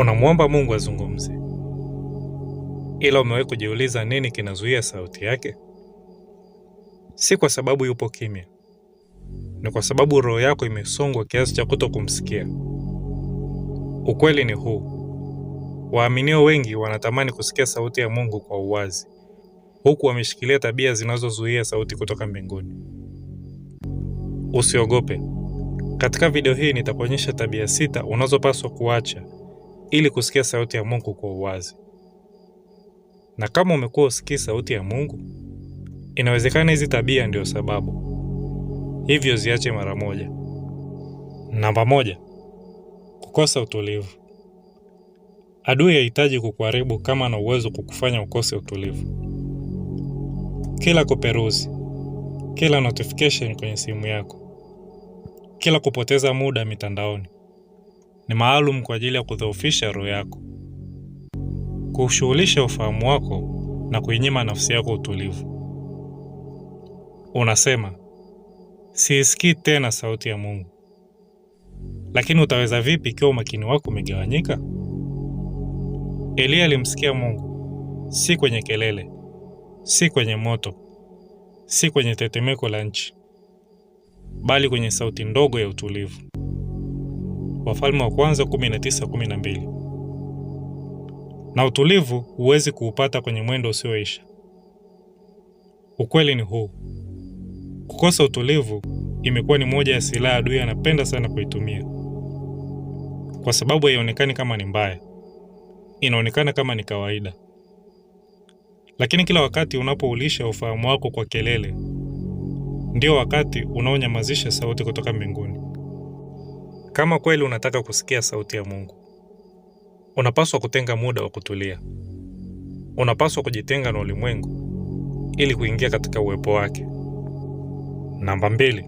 unamwomba Mungu azungumze, ila umewahi kujiuliza nini kinazuia sauti yake? Si kwa sababu yupo kimya, ni kwa sababu roho yako imesongwa kiasi cha kuto kumsikia. Ukweli ni huu: waaminio wengi wanatamani kusikia sauti ya Mungu kwa uwazi, huku wameshikilia tabia zinazozuia sauti kutoka mbinguni. Usiogope, katika video hii nitakuonyesha tabia sita unazopaswa kuacha ili kusikia sauti ya Mungu kwa uwazi. Na kama umekuwa usikii sauti ya Mungu, inawezekana hizi tabia ndio sababu. Hivyo ziache mara moja. Namba moja: kukosa utulivu. Adui hahitaji kukuharibu kama ana uwezo kukufanya ukose utulivu. Kila kuperuzi, kila notification kwenye simu yako, kila kupoteza muda mitandaoni, ni maalum kwa ajili ya kudhoofisha roho yako, kushughulisha ufahamu wako na kuinyima nafsi yako utulivu. Unasema siisikii tena sauti ya Mungu, lakini utaweza vipi ikiwa umakini wako umegawanyika? Eliya alimsikia Mungu si kwenye kelele, si kwenye moto, si kwenye tetemeko la nchi, bali kwenye sauti ndogo ya utulivu. Wafalme wa Kwanza 19:12. Na utulivu huwezi kuupata kwenye mwendo usioisha. Ukweli ni huu: kukosa utulivu imekuwa ni moja ya silaha adui anapenda sana kuitumia, kwa sababu haionekani kama ni mbaya, inaonekana kama ni kawaida. Lakini kila wakati unapoulisha ufahamu wako kwa kelele, ndio wakati unaonyamazisha sauti kutoka mbinguni. Kama kweli unataka kusikia sauti ya Mungu, unapaswa kutenga muda wa kutulia. Unapaswa kujitenga na ulimwengu ili kuingia katika uwepo wake. Namba mbili,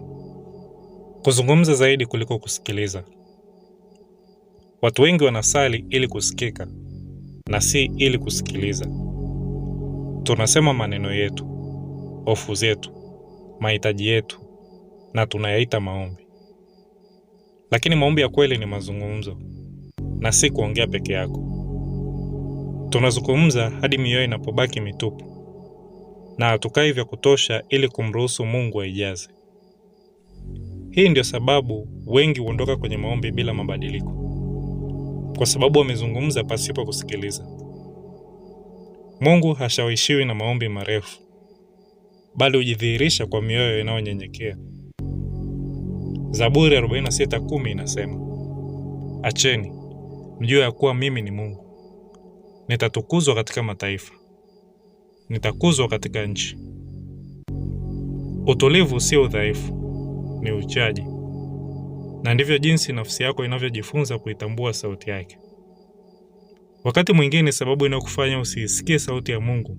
kuzungumza zaidi kuliko kusikiliza. Watu wengi wanasali ili kusikika na si ili kusikiliza. Tunasema maneno yetu, hofu zetu, mahitaji yetu na tunayaita maombi. Lakini maombi ya kweli ni mazungumzo na si kuongea peke yako. Tunazungumza hadi mioyo inapobaki mitupu na hatukai vya kutosha ili kumruhusu Mungu aijaze. Hii ndio sababu wengi huondoka kwenye maombi bila mabadiliko, kwa sababu wamezungumza pasipo kusikiliza. Mungu hashawishiwi na maombi marefu, bali hujidhihirisha kwa mioyo inayonyenyekea. Zaburi 46:10 inasema, acheni mjue ya kuwa mimi ni Mungu, nitatukuzwa katika mataifa, nitakuzwa katika nchi. Utulivu sio udhaifu, ni uchaji, na ndivyo jinsi nafsi yako inavyojifunza kuitambua sauti yake. Wakati mwingine sababu inayokufanya usiisikie sauti ya Mungu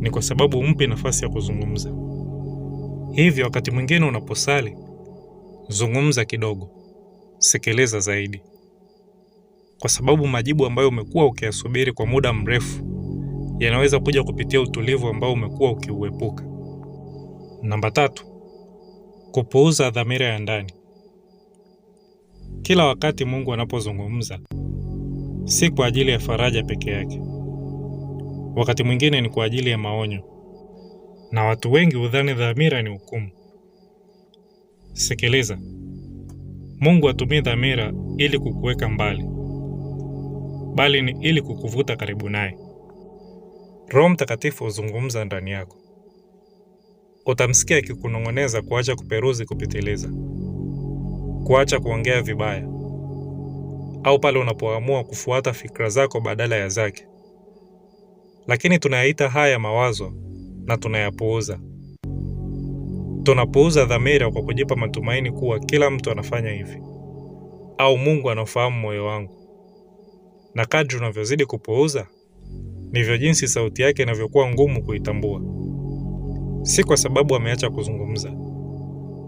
ni kwa sababu umpe nafasi ya kuzungumza. Hivyo wakati mwingine unaposali zungumza kidogo, sekeleza zaidi, kwa sababu majibu ambayo umekuwa ukiyasubiri kwa muda mrefu yanaweza kuja kupitia utulivu ambao umekuwa ukiuepuka. Namba tatu, kupuuza dhamira ya ndani. Kila wakati Mungu anapozungumza si kwa ajili ya faraja peke yake, wakati mwingine ni kwa ajili ya maonyo, na watu wengi hudhani dhamira ni hukumu sekeleza. Mungu atumie dhamira ili kukuweka mbali, bali ni ili kukuvuta karibu naye. Roho Mtakatifu huzungumza ndani yako. Utamsikia akikunong'oneza kuacha kuperuzi kupitiliza, kuacha kuongea vibaya, au pale unapoamua kufuata fikra zako badala ya zake. Lakini tunayaita haya mawazo na tunayapuuza. Tunapuuza dhamira kwa kujipa matumaini kuwa kila mtu anafanya hivi au Mungu anaofahamu moyo wangu, na kadri unavyozidi kupuuza ndivyo jinsi sauti yake inavyokuwa ngumu kuitambua. Si kwa sababu ameacha kuzungumza,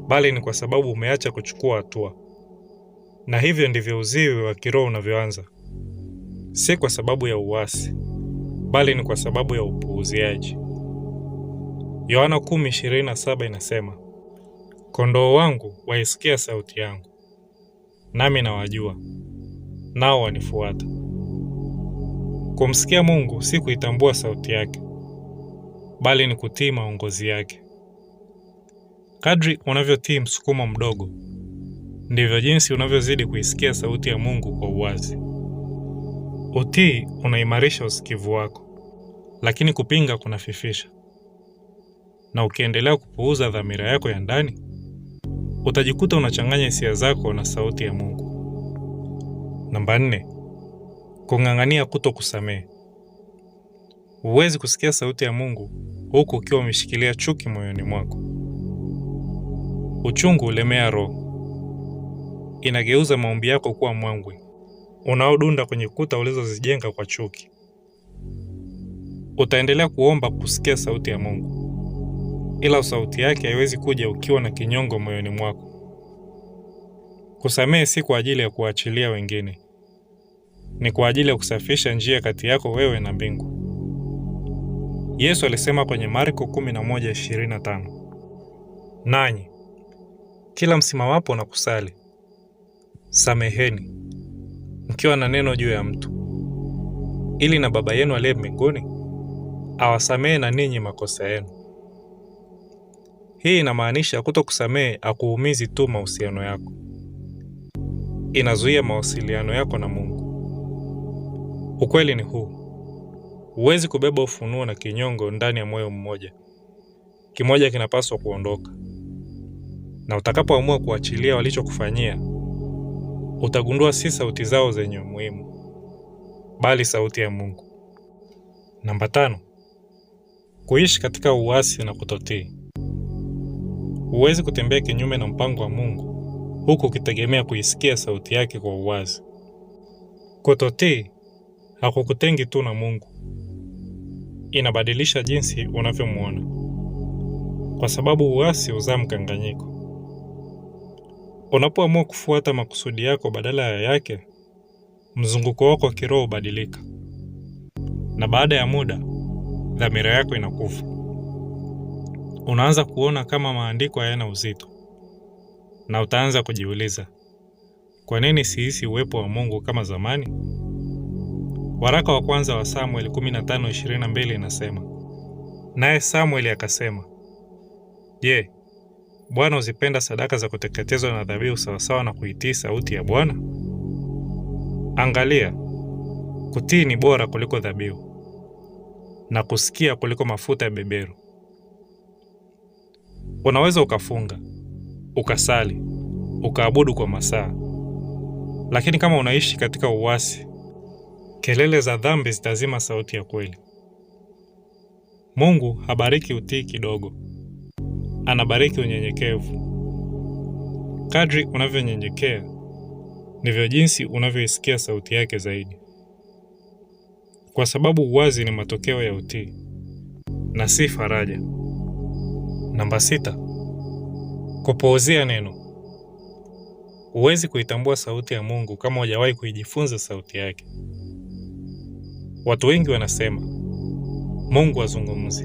bali ni kwa sababu umeacha kuchukua hatua. Na hivyo ndivyo uziwi wa kiroho unavyoanza, si kwa sababu ya uasi, bali ni kwa sababu ya upuuziaji. Yohana 10:27 inasema, kondoo wangu waisikia sauti yangu, nami nawajua, nao wanifuata. Kumsikia Mungu si kuitambua sauti yake, bali ni kutii maongozi yake. Kadri unavyotii msukumo mdogo, ndivyo jinsi unavyozidi kuisikia sauti ya Mungu kwa uwazi. Utii unaimarisha usikivu wako, lakini kupinga kunafifisha na ukiendelea kupuuza dhamira yako ya ndani, utajikuta unachanganya hisia zako na sauti ya Mungu. Namba nne, kung'ang'ania kuto kusamehe. Huwezi kusikia sauti ya Mungu huku ukiwa umeshikilia chuki moyoni mwako. Uchungu ulemea roho, inageuza maombi yako kuwa mwangwi unaodunda kwenye kuta ulizozijenga kwa chuki. Utaendelea kuomba kusikia sauti ya Mungu, ila sauti yake haiwezi kuja ukiwa na kinyongo moyoni mwako. Kusamehe si kwa ajili ya kuachilia wengine, ni kwa ajili ya kusafisha njia kati yako wewe na mbingu. Yesu alisema kwenye Marko 11:25, nanyi kila msimamapo na kusali, sameheni mkiwa na neno juu ya mtu, ili na Baba yenu aliye mbinguni awasamehe na ninyi makosa yenu hii inamaanisha kutokusamehe akuumizi tu mahusiano yako, inazuia mawasiliano yako na Mungu. Ukweli ni huu: huwezi kubeba ufunuo na kinyongo ndani ya moyo mmoja. Kimoja kinapaswa kuondoka, na utakapoamua kuachilia walichokufanyia, utagundua si sauti zao zenye umuhimu, bali sauti ya Mungu. Namba tano: kuishi katika uasi na kutotii. Huwezi kutembea kinyume na mpango wa Mungu huku ukitegemea kuisikia sauti yake kwa uwazi. Kutotii hakukutengi tu na Mungu, inabadilisha jinsi unavyomwona, kwa sababu uasi huzaa mkanganyiko. Unapoamua kufuata makusudi yako badala ya yake, mzunguko wako wa kiroho hubadilika, na baada ya muda dhamira yako inakufa unaanza kuona kama maandiko hayana uzito, na utaanza kujiuliza kwa nini sihisi uwepo wa Mungu kama zamani? Waraka wa kwanza wa Samueli 15:22 inasema, naye Samueli akasema, Je, Bwana huzipenda sadaka za kuteketezwa na dhabihu sawasawa na kuitii sauti ya Bwana? Angalia, kutii ni bora kuliko dhabihu na kusikia kuliko mafuta ya beberu. Unaweza ukafunga, ukasali, ukaabudu kwa masaa, lakini kama unaishi katika uwasi, kelele za dhambi zitazima sauti ya kweli. Mungu habariki utii kidogo, anabariki unyenyekevu. Kadri unavyonyenyekea ndivyo jinsi unavyoisikia sauti yake zaidi, kwa sababu uwazi ni matokeo ya utii na si faraja. Namba sita, kupuuzia neno. Huwezi kuitambua sauti ya Mungu kama hujawahi kuijifunza sauti yake. Watu wengi wanasema Mungu azungumzi,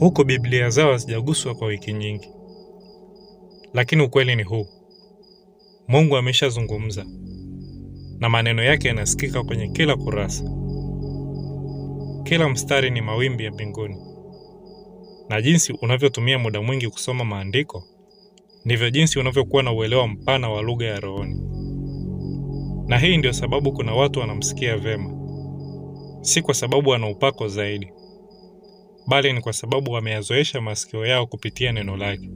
huku Biblia zao hazijaguswa kwa wiki nyingi. Lakini ukweli ni huu: Mungu ameshazungumza na maneno yake yanasikika kwenye kila kurasa. Kila mstari ni mawimbi ya mbinguni na jinsi unavyotumia muda mwingi kusoma maandiko ndivyo jinsi unavyokuwa na uelewa mpana wa lugha ya rohoni. Na hii ndio sababu kuna watu wanamsikia vema, si kwa sababu wana upako zaidi, bali ni kwa sababu wameyazoesha masikio yao kupitia neno lake.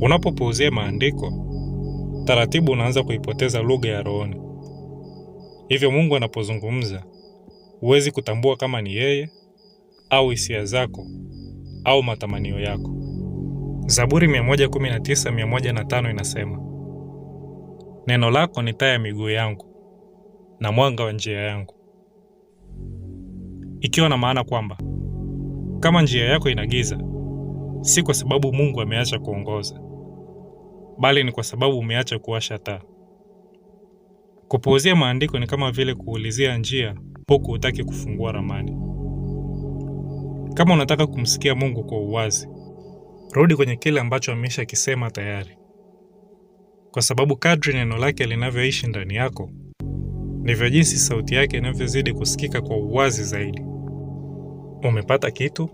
Unapopuuzia maandiko, taratibu unaanza kuipoteza lugha ya rohoni. Hivyo Mungu anapozungumza, huwezi kutambua kama ni yeye au hisia zako au matamanio yako. Zaburi 119:105 inasema, neno lako ni taa ya miguu yangu na mwanga wa njia yangu, ikiwa na maana kwamba kama njia yako ina giza, si kwa sababu Mungu ameacha kuongoza, bali ni kwa sababu umeacha kuwasha taa. Kupuuzia maandiko ni kama vile kuulizia njia huku hutaki kufungua ramani. Kama unataka kumsikia Mungu kwa uwazi, rudi kwenye kile ambacho kisema tayari, kwa sababu kadri neno lake linavyoishi ndani yako ndivyo jinsi sauti yake inavyozidi kusikika kwa uwazi zaidi. Umepata kitu?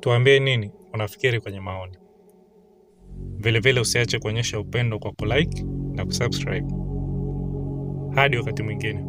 Tuambie nini unafikiri kwenye maoni. Vilevile usiache kuonyesha upendo kwa kulike na kusubscribe. Hadi wakati mwingine.